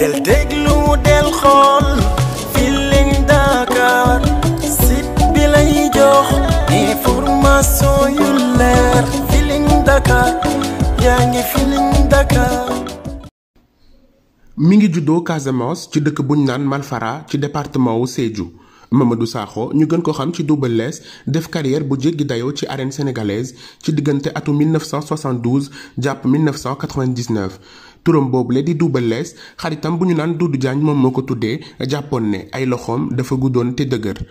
del déglu del xool Feeling Dakar site bi lay jox information yu leer Feeling Dakar yaa ngi Feeling Dakar mi ngi juddoo Casamance ci dëkk buñ naan Malfara ci département wu seju Sédhiou du Sakho ñu gën ko xam ci Double Less def carrière bu jéggi dayo ci arène sénégalaise ci diggante atum 1972 jàpp 1999 turam boobule di Double Less xaritam bu ñu naan Doudou Diagne moom moo ko tuddee jàppoon ne ay loxoom dafa guddoon te dëgër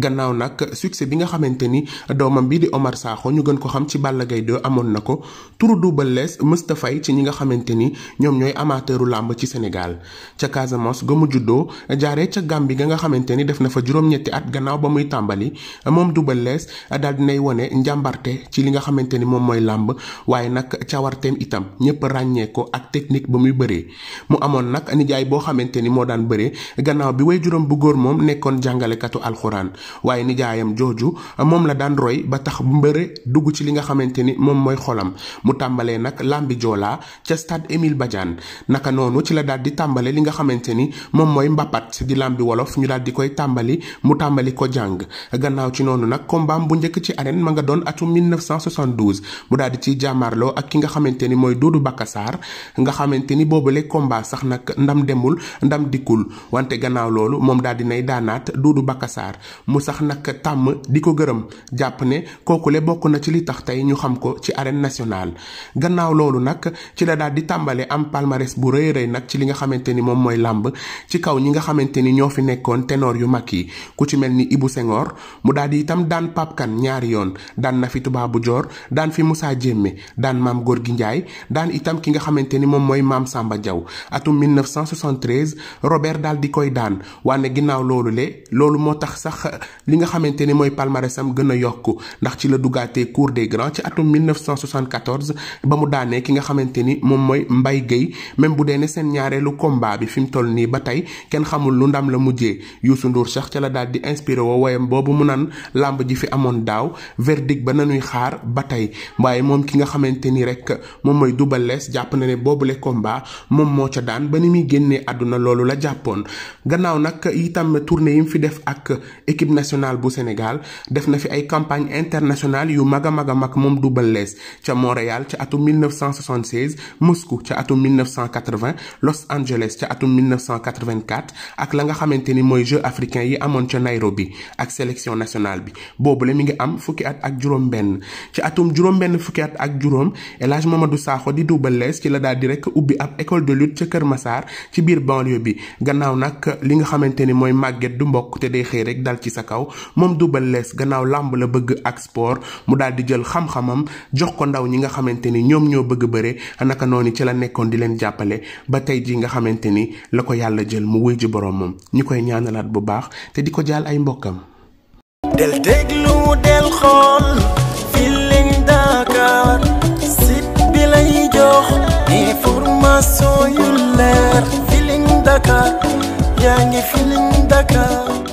gannaaw nag succès bi nga xamante ni doomam bi di Omar Sakho ñu gën ko xam ci Balla gay 2 amoon na ko turu Double Less mësta fay ci ñi nga xamante ni ñoom ñooy amateuru làmb ci Sénégal ca casamons ga mu juddoo jaaree ca Gàmbi ga nga xamante ni def na fa juróom-ñetti at gannaaw ba muy tàmbali moom Double Less daal dinay wone njàmbarte ci li nga xamante ni moom mooy làmb waaye nag cawarteem technique ba muy bëree mu amoon nag nijaay boo xamante ni moo daan bëree gannaaw bi way juróom bu góor moom nekkoon jàngalekatu alxuraan waaye nijaayam jooju moom la daan roy ba tax mbëre dugg ci li nga xamante ni moom mooy xolam mu tàmbalee nag lambi joolaa ca stade Émile Badiane naka noonu ci la daal di tàmbale li nga xamante ni moom mooy mbappat di làmbi wolof ñu daal di koy tàmbali mu tàmbali ko jàng gannaaw ci noonu nag kombaam bu njëkk ci arène ma nga doon atum 1972 mu daal di ciy jàmmaarloo ak ki nga xamante ni mooy Doudou Bakassar nga xamante ni boobale combat sax nag ndam demul ndam dikkul wante gannaaw loolu moom daal di nay daanaat Duudu Bakasaar mu sax nag tàmm di ko gërëm jàpp ne kookule bokk na ci li tax tey ñu xam ko ci arène nationale. gannaaw loolu nag ci la daal di tàmbale am palmarès bu rëy rëy nag ci li nga xamante ni moom mooy làmb ci kaw ñi nga xamante ni ñoo fi nekkoon ténor yu mag yi ku ci mel ni Ibou Senghor mu dal di itam daan Pape ñaari yoon daan na fi Toubabou Dior daan fi Moussa mooy maam Samba Diaw atum 1973 Robert daal di koy daan waane ginnaaw loolu le loolu moo tax sax euh, li nga xamante ni mooy palmarèsam gën a yokk ndax ci la dugaatee cour des grands ci atum 1974 ba mu daanee ki nga xamante ni moom mooy Mbaye Guèye même bu dee ne seen ñaareelu combat bi fi mu toll nii ba tey kenn xamul lu ndam la mujjee Youssou Ndour sax ca la daal di inspiré woo woyam boobu mu naan làmb ji fi amoon daaw verdict ba nanuy xaar ba tey waaye moom ki nga xamante ni combat moom moo ca daan ba ni muy génnee àdduna loolu la jàppoon gannaaw nag itam tournée yi mu fi def ak équipe nationale bu Sénégal def na fi ay campagne internationale yu mag a mag a mag moom Double Less ca Montréal ca atum 1976 Moscou ca atum 1980 Los Angeles ca atum 1984 ak la nga xamante ni mooy Jeux africains yi amoon ca Nairobi ak sélection nationale bi boobu boobule mi ngi am fukki at ak juróom benn ci atum juróom benn fukki at ak juróom El Hadj Mamadou Sakho di Double Less ci la daal di rek ubbi ab école de lutte ca Kër Massar ci biir banlieue bi gannaaw nag li nga xamante ni mooy màgget du mbokk te day xëy rek dal ci sa kaw moom Double Less gannaaw làmb la bëgg ak sport mu daal di jël xam-xamam jox ko ndaw ñi nga xamante ni ñoom ñoo bëgg bëre naka noonu ci la nekkoon di leen jàppale ba tey ji nga xamante ni la ko yàlla jël mu wuy ji boroomam ñu koy ñaanalaat bu baax te di ko jaal ay mbokkam. information yu leer Feeling Dakar yaa ngi Feeling Dakar